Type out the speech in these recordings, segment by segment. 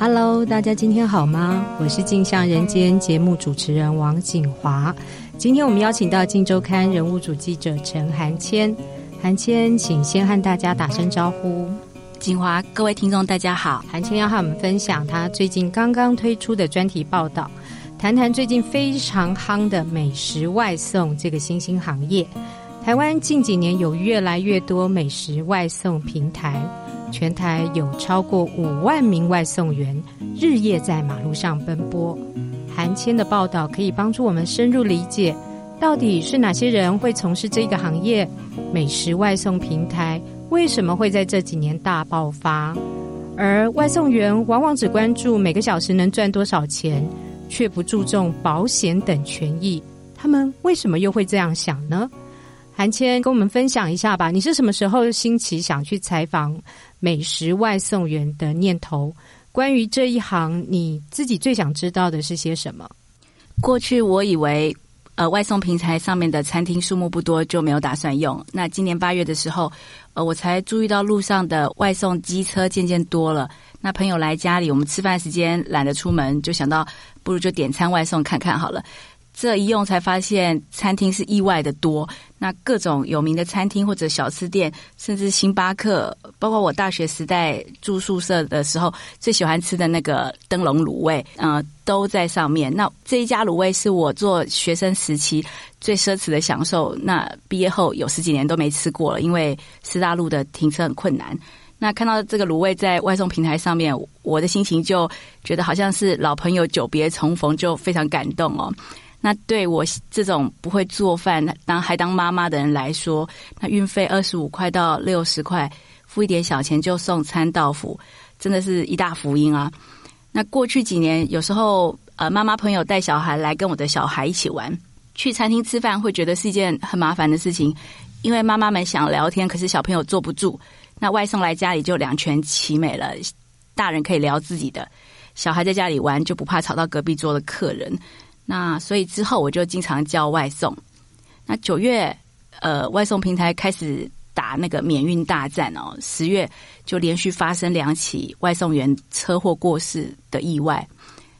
Hello，大家今天好嗎？我是鏡像人間節目主持人王景華。今天我們邀請到《鏡周刊》人物組記者陳涵謙。涵謙，請先和大家打聲招呼。景華，各位聽眾，大家好。涵謙要和我們分享他最近剛剛推出的專題報道，談談最近非常夯的美食外送這個新興行業。台灣近幾年有越來越多美食外送平台。全台有超過五萬名外送員日夜在馬路上奔波。韓謙的報道可以幫助我們深入理解，到底是哪些人會從事這個行業？美食外送平台為什麼會在這幾年大爆發？而外送員往往只關注每個小時能賺多少錢，卻不注重保險等權益。他們為什麼又會這樣想呢？韓謙，跟我們分享一下吧。你是什麼時候興起想去採訪？美食外送員的念頭，關於這一行，你自己最想知道的是些什麼？過去我以為，呃，外送平台上面的餐廳數目不多，就沒有打算用。那今年八月的時候，呃，我才注意到路上的外送機車漸漸多了。那朋友來家裡，我們吃飯時間懶得出門，就想到不如就點餐外送看看好了。這一用才發現，餐廳是意外的多。那各種有名的餐廳或者小吃店，甚至星巴克，包括我大學時代住宿舍的時候最喜歡吃的那個燈籠滷味，嗯、呃，都在上面。那這一家滷味是我做學生時期最奢侈的享受。那畢業後有十幾年都沒吃過了，因為師大路的停車很困難。那看到這個滷味在外送平台上面，我的心情就覺得好像是老朋友久別重逢，就非常感動哦。那對我這種不會做飯、當還當媽媽的人來說，那運費二十五塊到六十塊，付一點小錢就送餐到府，真的是一大福音啊！那過去幾年，有時候呃媽媽朋友帶小孩來跟我的小孩一起玩，去餐廳吃飯會覺得是一件很麻煩的事情，因為媽媽們想聊天，可是小朋友坐不住。那外送來家裡就兩全其美了，大人可以聊自己的，小孩在家裡玩就不怕吵到隔壁桌的客人。那所以之後我就經常叫外送。那九月，呃，外送平台開始打那個免運大戰哦。十月就連續發生兩起外送員車禍過世的意外。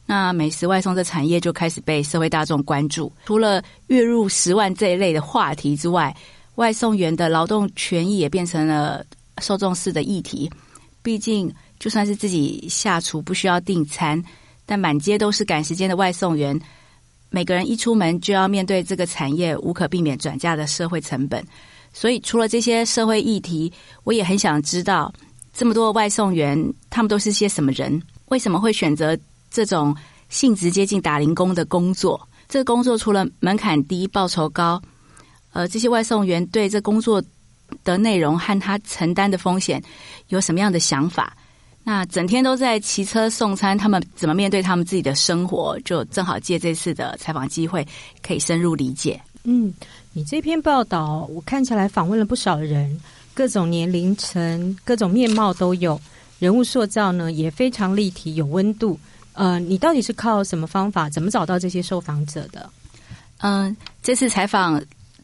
那美食外送這產業就開始被社會大眾關注。除了月入十萬這一類的話題之外，外送員的勞動權益也變成了受重視的議題。畢竟，就算是自己下廚不需要訂餐，但滿街都是趕時間的外送員。每個人一出門就要面對這個產業無可避免轉嫁的社會成本，所以除了這些社會議題，我也很想知道這麼多外送員他們都是些什麼人？為什麼會選擇這種性質接近打零工的工作？這個工作除了門檻低、報酬高，呃，這些外送員對這工作的內容和他承擔的風險有什麼樣的想法？那整天都在騎車送餐，他們怎麼面對他們自己的生活？就正好借這次的採訪機會，可以深入理解。嗯，你這篇報道我看起來訪問了不少人，各種年齡層、各種面貌都有，人物塑造呢也非常立體、有溫度。呃，你到底是靠什麼方法，怎麼找到這些受訪者的？嗯，這次採訪。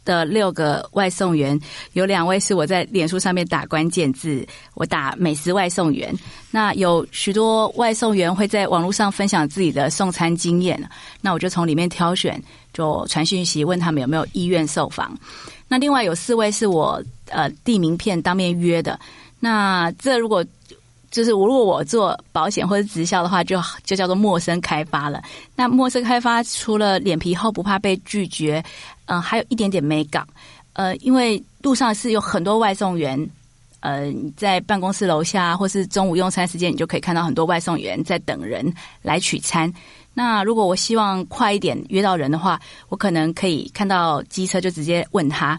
的六個外送員，有兩位是我在臉書上面打關鍵字，我打美食外送員，那有許多外送員會在網絡上分享自己的送餐經驗，那我就從裡面挑選，就傳訊息問他們有沒有意願受訪。那另外有四位是我呃遞名片當面約的，那這如果，就是如果我做保險或者直銷的話，就就叫做陌生開發了。那陌生開發除了臉皮厚不怕被拒絕，嗯、呃，還有一點點沒講，呃，因為路上是有很多外送員，呃，在辦公室樓下或是中午用餐時間，你就可以看到很多外送員在等人來取餐。那如果我希望快一點約到人的話，我可能可以看到機車就直接問他，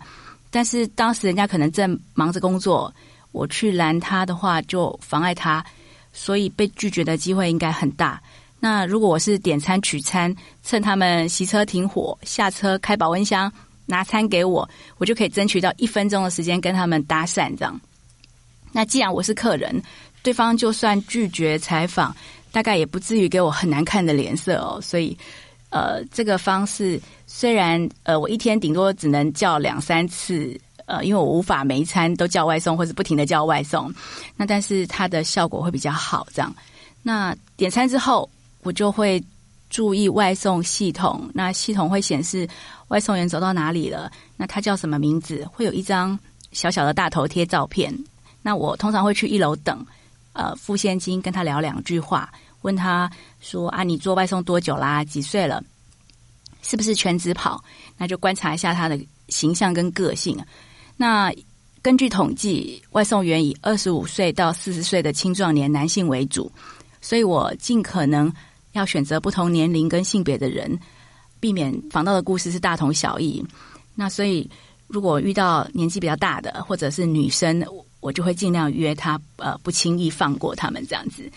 但是當時人家可能正忙着工作，我去攔他的話就妨礙他，所以被拒絕的機會應該很大。那如果我是點餐取餐，趁他們熄車停火下車開保溫箱拿餐給我，我就可以爭取到一分鐘的時間跟他們搭訕這樣。那既然我是客人，對方就算拒絕採訪，大概也不至於給我很難看的臉色哦。所以，呃，這個方式雖然呃我一天頂多只能叫兩三次，呃，因為我無法每一餐都叫外送或是不停的叫外送，那但是它的效果會比較好這樣。那點餐之後。我就會注意外送系統，那系統會顯示外送員走到哪裡了，那他叫什麼名字？會有一張小小的大頭貼照片。那我通常會去一樓等，呃，付現金跟他聊兩句話，問他說：“啊，你做外送多久啦？幾歲了？是不是全職跑？”那就觀察一下他的形象跟個性。那根據統計，外送員以二十五歲到四十歲的青壯年男性為主，所以我盡可能……要選擇不同年齡跟性別的人，避免訪到的故事是大同小異。那所以，如果遇到年紀比較大的或者是女生，我,我就會儘量約她，呃，不輕易放過他們這樣子。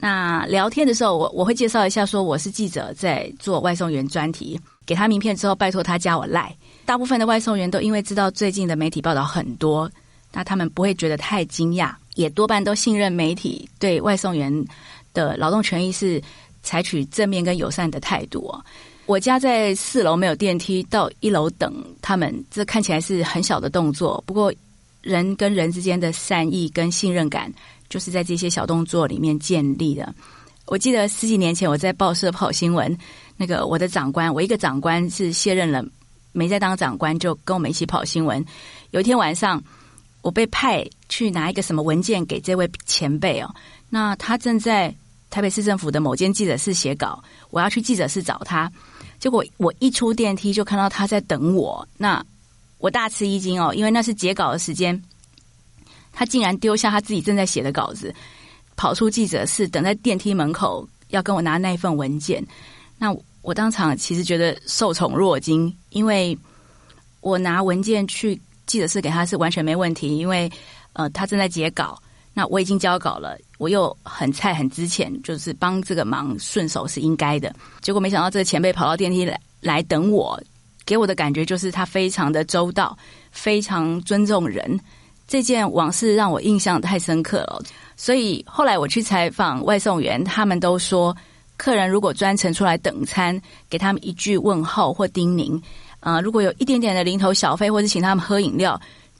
那聊天的時候，我我會介紹一下說，說我是記者在做外送員專題，給他名片之後，拜托他加我賴。大部分的外送員都因為知道最近的媒體報道很多，那他們不會覺得太驚訝，也多半都信任媒體對外送員的勞動權益是。採取正面跟友善的態度哦。我家在四樓沒有電梯，到一樓等他們。這看起來是很小的動作，不過人跟人之間的善意跟信任感，就是在這些小動作裡面建立的。我記得十幾年前我在報社跑新聞，那個我的長官，我一個長官是卸任了，沒在當長官，就跟我們一起跑新聞。有一天晚上，我被派去拿一個什麼文件給這位前輩哦，那他正在。台北市政府的某間記者室寫稿，我要去記者室找他。結果我一出電梯就看到他在等我，那我大吃一驚哦，因為那是截稿的時間，他竟然丟下他自己正在寫的稿子，跑出記者室，等在電梯門口要跟我拿那一份文件。那我當場其實覺得受寵若驚，因為我拿文件去記者室給他是完全沒問題，因為呃他正在截稿。那我已經交稿了，我又很菜很資淺，就是幫這個忙順手是應該的。結果沒想到這個前輩跑到電梯來來等我，給我的感覺就是他非常的周到，非常尊重人。這件往事讓我印象太深刻了，所以後來我去採訪外送員，他們都說，客人如果專程出來等餐，給他們一句問候或叮嚀，啊、呃，如果有一點點的零頭小費或者請他們喝飲料，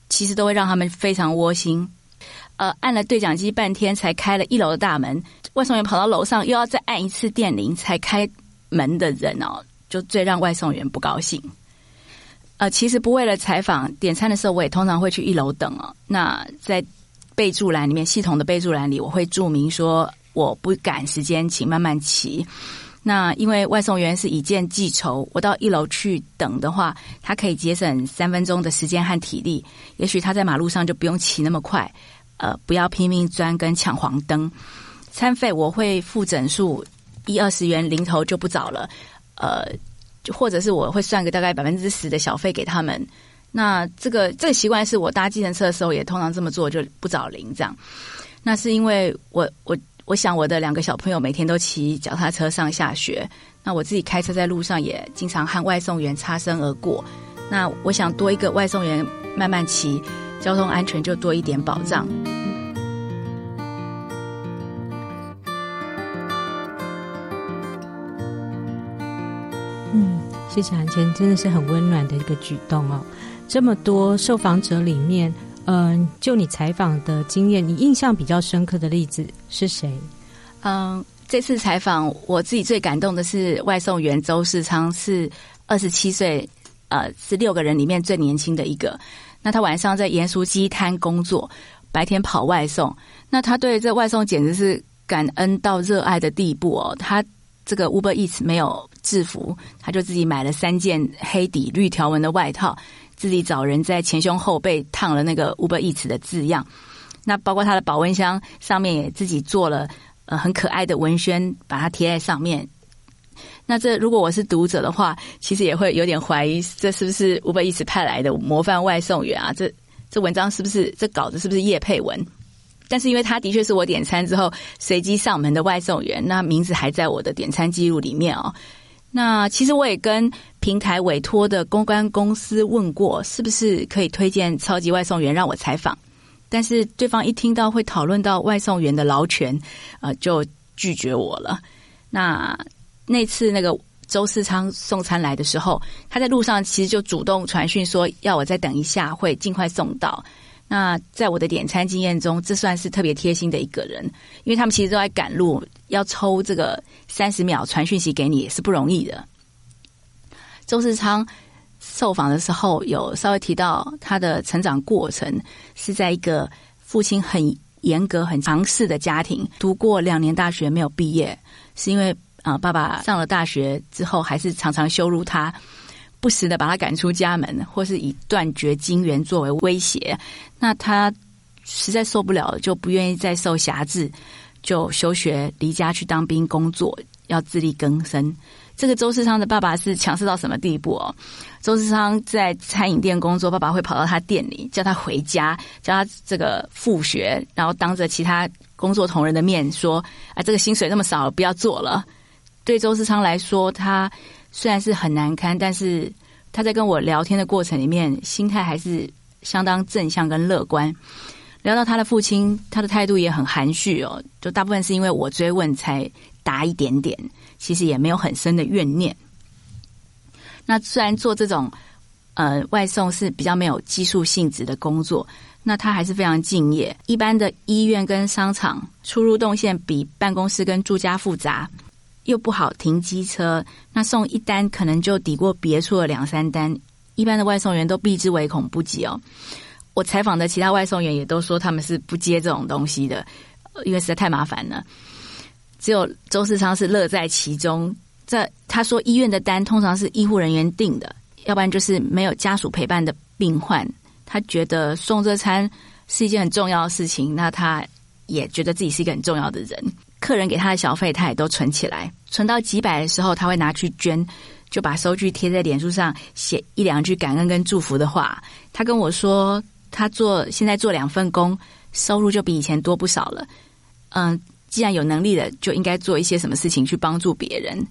其實都會讓他們非常窩心。呃，按了對講機半天才開了一樓的大門，外送員跑到樓上又要再按一次電鈴才開門的人哦，就最讓外送員不高興。呃，其實不為了採訪，點餐的時候，我也通常會去一樓等哦。那在備註欄裡面，系統的備註欄裡，我會註明說我不趕時間，請慢慢騎。那因為外送員是以件計酬，我到一樓去等的話，他可以節省三分鐘的時間和體力，也許他在馬路上就不用騎那麼快。呃，不要拼命鑽跟搶黃燈，餐費我會付整數，一二十元零頭就不找了。呃，就或者是我會算個大概百分之十的小費給他們。那這個這個習慣是我搭計程車的時候也通常這麼做，就不找零這樣。那是因為我我我想我的兩個小朋友每天都騎腳踏車上下學，那我自己開車在路上也經常和外送員擦身而過，那我想多一個外送員慢慢騎，交通安全就多一點保障。嗯，謝謝安全真的是很溫暖的一個舉動哦。這麼多受訪者裡面，嗯、呃，就你採訪的經驗，你印象比較深刻的例子是誰？嗯，這次採訪我自己最感動的是外送員周世昌，是二十七歲，呃，十六個人裡面最年輕的一個。那他晚上在鹽酥雞攤工作，白天跑外送。那他對這外送簡直是感恩到熱愛的地步哦。他這個 Uber Eats 沒有制服，他就自己買了三件黑底綠條紋的外套，自己找人在前胸後背燙了那個 Uber Eats 的字樣。那包括他的保溫箱上面也自己做了呃很可愛的文宣，把它貼在上面。那這如果我是讀者的話，其實也會有點懷疑，這是不是 Uber Eats 派來的模範外送員啊？這這文章是不是這稿子是不是業配文？但是因為他的確是我點餐之後隨機上門的外送員，那名字還在我的點餐記錄裡面哦。那其實我也跟平台委託的公關公司問過，是不是可以推薦超級外送員讓我採訪？但是對方一聽到會討論到外送員的勞權，啊、呃，就拒絕我了。那。那次那個周世昌送餐來的時候，他在路上其實就主動傳訊說要我再等一下，會盡快送到。那在我的點餐經驗中，這算是特別貼心的一個人，因為他們其實都在趕路，要抽這個三十秒傳訊息給你也是不容易的。周世昌受訪的時候有稍微提到他的成長過程是在一個父親很嚴格、很強勢的家庭，讀過兩年大學沒有畢業，是因為。啊！爸爸上了大學之後，還是常常羞辱他，不時的把他趕出家門，或是以斷絕金援作為威脅。那他實在受不了，就不願意再受轄制，就休學離家去當兵工作，要自力更生。這個周世昌的爸爸是強勢到什麼地步哦？周世昌在餐飲店工作，爸爸會跑到他店裡叫他回家，叫他這個復學，然後當着其他工作同仁的面說：“啊、哎，這個薪水那麼少，不要做了。”對周世昌來說，他雖然是很難堪，但是他在跟我聊天的過程裡面，心態還是相當正向跟樂觀。聊到他的父親，他的態度也很含蓄哦，就大部分是因為我追問才答一點點，其實也沒有很深的怨念。那雖然做這種呃外送是比較沒有技術性質的工作，那他還是非常敬業。一般的醫院跟商場出入動線比辦公室跟住家複雜。又不好停機車，那送一單可能就抵過別處的兩三單。一般的外送員都避之唯恐不及哦。我採訪的其他外送員也都說他們是不接這種東西的，因為實在太麻煩了。只有周世昌是樂在其中。這他說醫院的單通常是醫護人員定的，要不然就是沒有家屬陪伴的病患。他覺得送這餐是一件很重要的事情，那他也覺得自己是一個很重要的人。客人給他的小費，他也都存起來，存到幾百的時候，他會拿去捐，就把收據貼在臉書上，寫一兩句感恩跟祝福的話。他跟我說，他做現在做兩份工，收入就比以前多不少了。嗯，既然有能力了，就應該做一些什麼事情去幫助別人。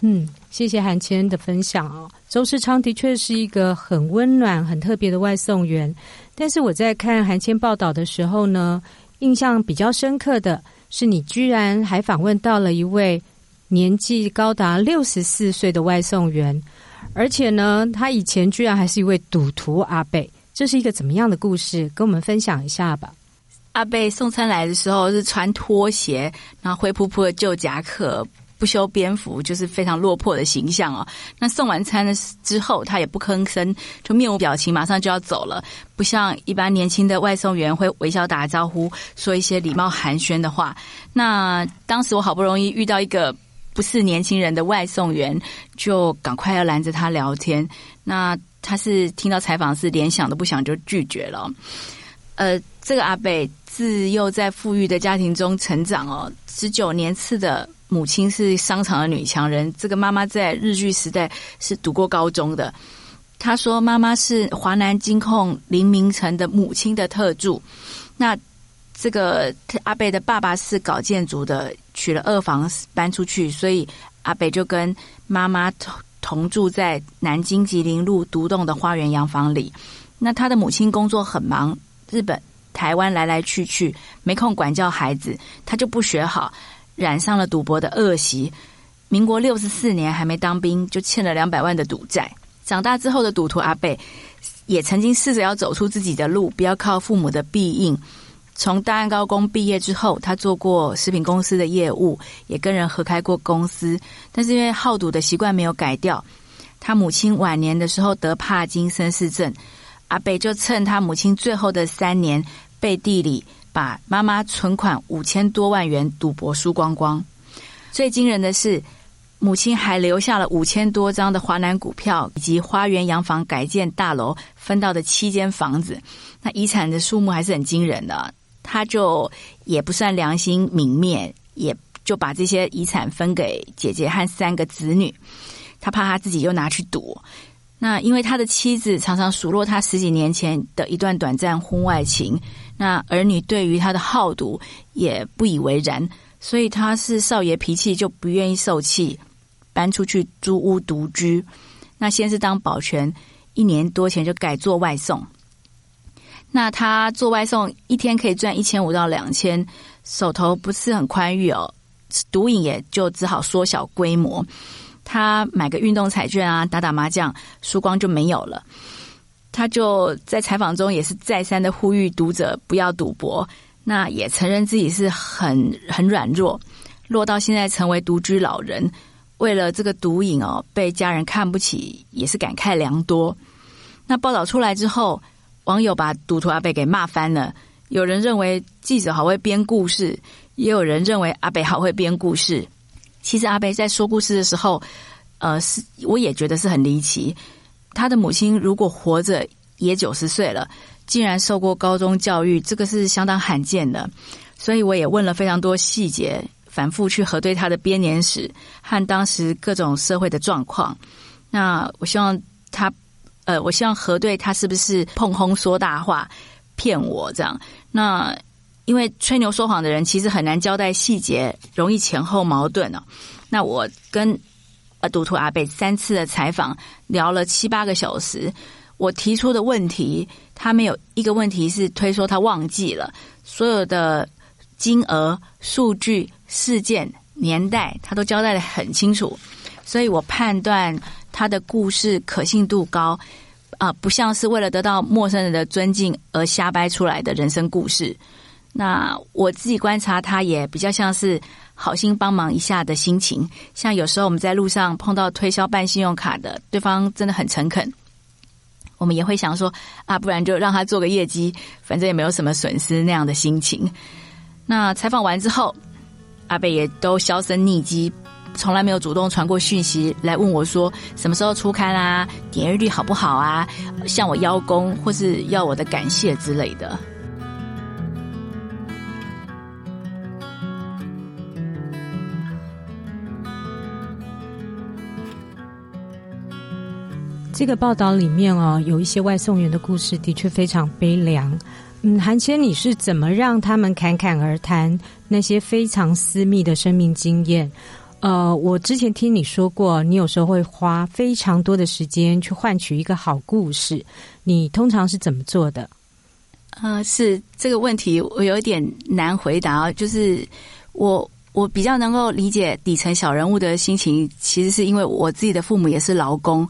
嗯，謝謝韓謙的分享哦。周世昌的確是一個很溫暖、很特別的外送員，但是我在看韓謙報道的時候呢，印象比較深刻的。是你居然還訪問到了一位年紀高達六十四歲的外送員，而且呢，他以前居然還是一位賭徒阿伯。這是一個怎麼樣的故事？跟我們分享一下吧。阿伯送餐來的時候是穿拖鞋，然後灰撲撲的舊夾克。不修邊幅，就是非常落魄的形象哦。那送完餐之後，他也不吭聲，就面無表情，馬上就要走了，不像一般年輕的外送員會微笑打招呼，說一些禮貌寒暄的話。那當時我好不容易遇到一個不是年輕人的外送員，就趕快要攔着他聊天。那他是聽到採訪時，連想都不想就拒絕了。呃，這個阿北自幼在富裕的家庭中成長哦，十九年次的。母親是商場的女強人，這個媽媽在日據時代是讀過高中的。她說：“媽媽是華南金控林明成的母親的特助。”那這個阿北的爸爸是搞建築的，娶了二房搬出去，所以阿北就跟媽媽同同住在南京吉林路獨棟的花園洋房裡。那他的母親工作很忙，日本、台灣來來去去，沒空管教孩子，他就不學好。染上了賭博的惡習，民國六十四年還沒當兵就欠了兩百萬的賭債。長大之後的賭徒阿伯，也曾經試着要走出自己的路，不要靠父母的庇蔭。從大安高工畢業之後，他做過食品公司的業務，也跟人合開過公司，但是因為好賭的習慣沒有改掉。他母親晚年的時候得帕金森氏症，阿伯就趁他母親最後的三年，背地裡。把媽媽存款五千多萬元賭博輸光光，最驚人的是，母親還留下了五千多張的華南股票以及花園洋房改建大樓分到的七間房子，那遺產的數目還是很驚人的。他就也不算良心泯滅，也就把這些遺產分給姐姐和三個子女，他怕他自己又拿去賭。那因為他的妻子常常數落他十幾年前的一段短暫婚外情，那兒女對於他的好賭也不以為然，所以他是少爺脾氣，就不願意受氣，搬出去租屋獨居。那先是當保全，一年多前就改做外送。那他做外送一天可以賺一千五到兩千，手頭不是很寬裕哦，毒癮也就只好縮小規模。他買個運動彩券、啊，打打麻將，輸光就沒有了。他就在採訪中也是再三的呼籲讀者不要賭博，那也承認自己是很很軟弱，落到現在成為獨居老人，為了這個毒癮哦，被家人看不起，也是感慨良多。那報道出來之後，網友把賭徒阿北給罵翻了。有人認為記者好會編故事，也有人認為阿北好會編故事。其實阿伯在說故事的時候，呃，是我也覺得是很離奇。他的母親如果活着也九十歲了，竟然受過高中教育，這個是相當罕見的。所以我也問了非常多細節，反覆去核對他的編年史和當時各種社會的狀況。那我希望他，呃，我希望核對他是不是膨風說大話騙我這樣。那。因為吹牛說謊的人其實很難交代細節，容易前後矛盾哦。那我跟呃賭徒阿北三次的採訪，聊了七八個小時，我提出的問題，他沒有一個問題是推說他忘記了，所有的金額、數據、事件、年代，他都交代得很清楚。所以我判斷他的故事可信度高啊，呃，不像是為了得到陌生人的尊敬而瞎掰出來的人生故事。那我自己觀察，他也比較像是好心幫忙一下的心情。像有時候我們在路上碰到推銷辦信用卡的，對方真的很誠懇，我們也會想說：啊，不然就讓他做個業績，反正也沒有什麼損失那樣的心情。那採訪完之後，阿北也都銷聲匿跡，從來沒有主動傳過訊息來問我說什麼時候出刊啊，點閱率好不好啊，向我邀功或是要我的感謝之類的。這個報道裡面哦，有一些外送員的故事，的確非常悲涼。嗯，韓千，你是怎麼讓他們侃侃而談那些非常私密的生命經驗？呃，我之前聽你說過，你有時候會花非常多的時間去換取一個好故事。你通常是怎麼做的？呃，是這個問題，我有點難回答。就是我，我比較能夠理解底層小人物的心情，其實是因為我自己的父母也是勞工。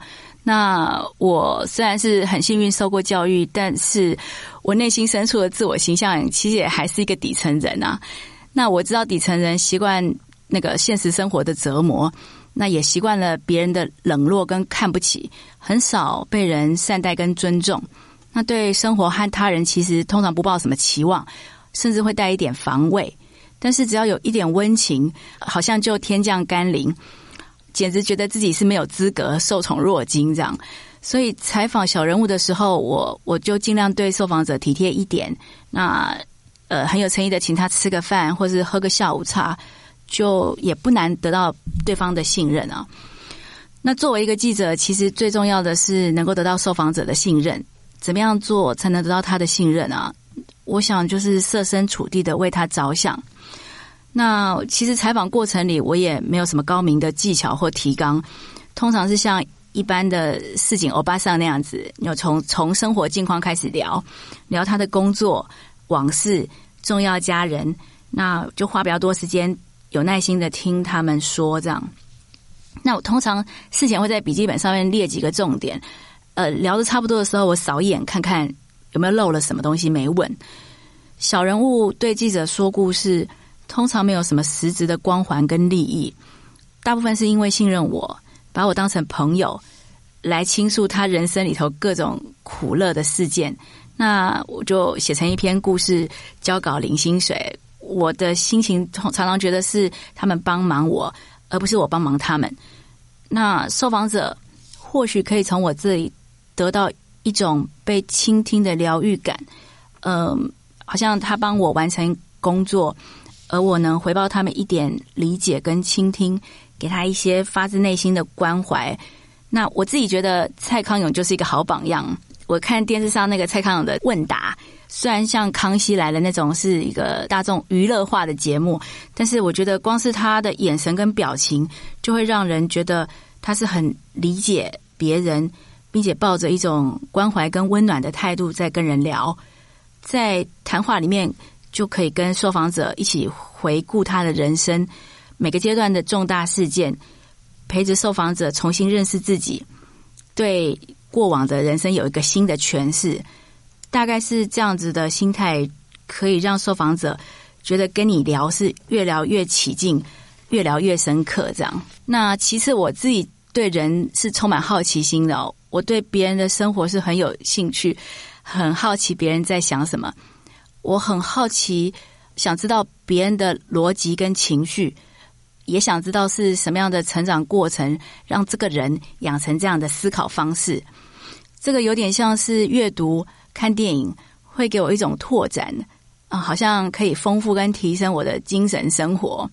那我雖然是很幸運受過教育，但是我內心深處的自我形象其實也還是一個底層人啊。那我知道底層人習慣那個現實生活的折磨，那也習慣了別人的冷落跟看不起，很少被人善待跟尊重。那對生活和他人其實通常不抱什麼期望，甚至會帶一點防衛。但是只要有一點溫情，好像就天降甘霖。簡直覺得自己是沒有資格受寵若驚這樣，所以採訪小人物的時候，我我就儘量對受訪者體貼一點，那呃很有誠意的請他吃個飯，或是喝個下午茶，就也不難得到對方的信任啊。那作為一個記者，其實最重要的是能夠得到受訪者的信任，怎麼樣做才能得到他的信任啊？我想就是設身處地的為他着想。那其實採訪過程裡，我也沒有什麼高明的技巧或提綱，通常是像一般的市井歐巴桑那樣子，有從從生活近況開始聊，聊他的工作、往事、重要家人，那就花比較多時間，有耐心的聽他們說。這樣，那我通常事前會在筆記本上面列幾個重點，呃，聊得差不多的時候，我掃一眼看看有沒有漏了什麼東西沒問。小人物對記者說故事，通常沒有什麼實質的光環跟利益，大部分是因為信任我，把我當成朋友來傾訴他人生裡頭各種苦樂的事件。那我就寫成一篇故事，交稿領薪水。我的心情常常覺得是他們幫忙我，而不是我幫忙他們。那受訪者或許可以從我這裡得到一種被傾聽的療癒感，嗯，好像他幫我完成工作。而我能回報他們一點理解，跟傾聽，給他一些發自內心的關懷。那我自己覺得蔡康永就是一個好榜樣。我看電視上那個蔡康永的問答，雖然像《康熙來了》那種是一個大眾娛樂化的節目，但是我覺得光是他的眼神跟表情，就會讓人覺得他是很理解別人，並且抱着一種關懷跟溫暖的態度在跟人聊，在談話裡面。就可以跟受訪者一起回顧他的人生每個階段的重大事件，陪着受訪者重新認識自己，對過往的人生有一個新的詮釋。大概是這樣子的心態，可以讓受訪者覺得跟你聊是越聊越起勁，越聊越深刻。這樣。那其次，我自己對人是充滿好奇心的哦，我對別人的生活是很有興趣，很好奇別人在想什麼。我很好奇，想知道別人的邏輯跟情緒，也想知道是什麼樣的成長過程讓這個人養成這樣的思考方式。這個有點像是閱讀、看電影，會給我一種拓展啊，好像可以豐富跟提升我的精神生活。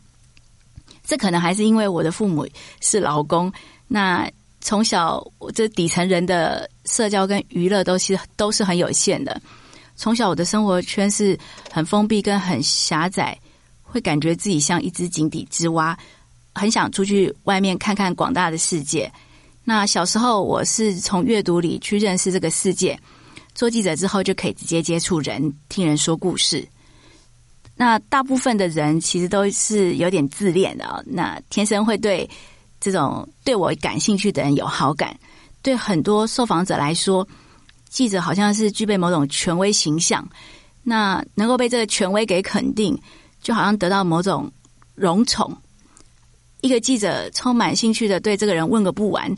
這可能還是因為我的父母是勞工，那從小我這底層人的社交跟娛樂都是、都是很有限的。從小我的生活圈是很封閉跟很狹窄，會感覺自己像一隻井底之蛙，很想出去外面看看廣大的世界。那小時候我是從閱讀裡去認識這個世界，做記者之後就可以直接接觸人，聽人說故事。那大部分的人其實都是有點自戀的，那天生會對這種對我感興趣的人有好感，對很多受訪者來說。記者好像是具備某種權威形象，那能夠被這個權威給肯定，就好像得到某種榮寵。一個記者充滿興趣的對這個人問個不完，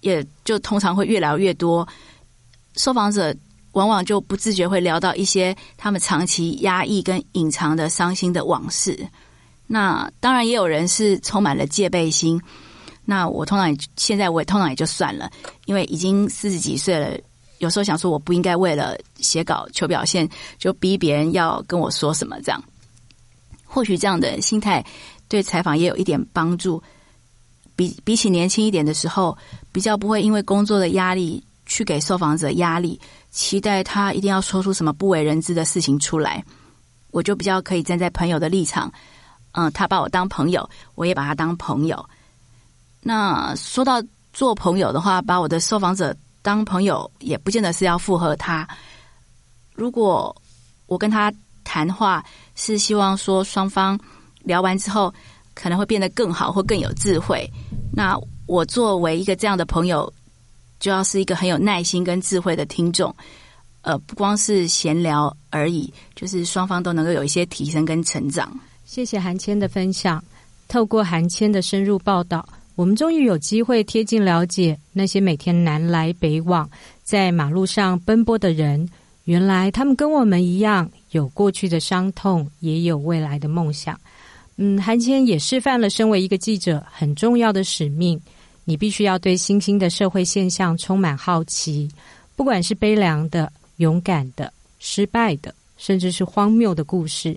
也就通常會越聊越多。受訪者往往就不自覺會聊到一些他們長期壓抑跟隱藏的傷心的往事。那當然也有人是充滿了戒備心。那我通常也，現在我也通常也就算了，因為已經四十幾歲了。有時候想說，我不應該為了寫稿、求表現，就逼別人要跟我說什麼這樣。或許這樣的心態對採訪也有一點幫助。比比起年輕一點的時候，比較不會因為工作的壓力去給受訪者壓力，期待他一定要說出什麼不為人知的事情出來。我就比較可以站在朋友的立場，嗯，他把我當朋友，我也把他當朋友。那說到做朋友的話，把我的受訪者。當朋友也不見得是要附和他。如果我跟他談話，是希望說雙方聊完之後可能會變得更好或更有智慧。那我作為一個這樣的朋友，就要是一個很有耐心跟智慧的聽眾。呃，不光是閒聊而已，就是雙方都能夠有一些提升跟成長。謝謝韓謙的分享。透過韓謙的深入報道。我們終於有機會貼近了解那些每天南來北往在馬路上奔波的人。原來他們跟我們一樣，有過去的傷痛，也有未來的夢想。嗯，韓千也示範了身為一個記者很重要的使命：你必須要對新興的社會現象充滿好奇，不管是悲涼的、勇敢的、失敗的，甚至是荒謬的故事。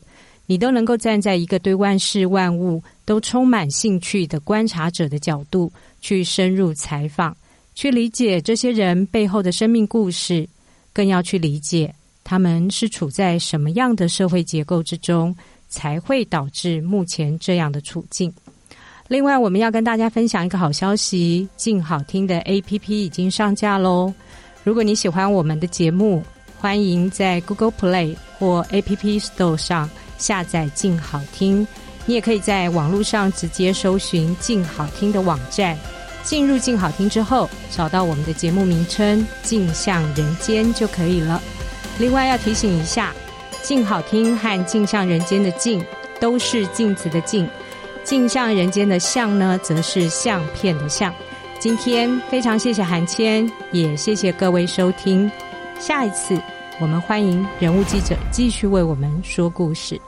你都能夠站在一個對萬事萬物都充滿興趣的觀察者的角度去深入採訪，去理解這些人背後的生命故事，更要去理解他們是處在什麼樣的社會結構之中，才會導致目前這樣的處境。另外，我們要跟大家分享一個好消息：靜好聽的 APP 已經上架嘍！如果你喜歡我們的節目，歡迎在 Google Play 或 APP Store 上。下載“鏡好聽”，你也可以在網絡上直接搜尋“鏡好聽”的網站。進入“鏡好聽”之後，找到我們的節目名稱“鏡像人間”就可以了。另外要提醒一下，“鏡好聽”和“鏡像人間”的“鏡”都是靜靜“鏡子”的“鏡”，“鏡像人間”的“像”呢，則是“相片”的“相”。今天非常謝謝韓謙，也謝謝各位收聽。下一次，我們歡迎人物記者繼續為我們說故事。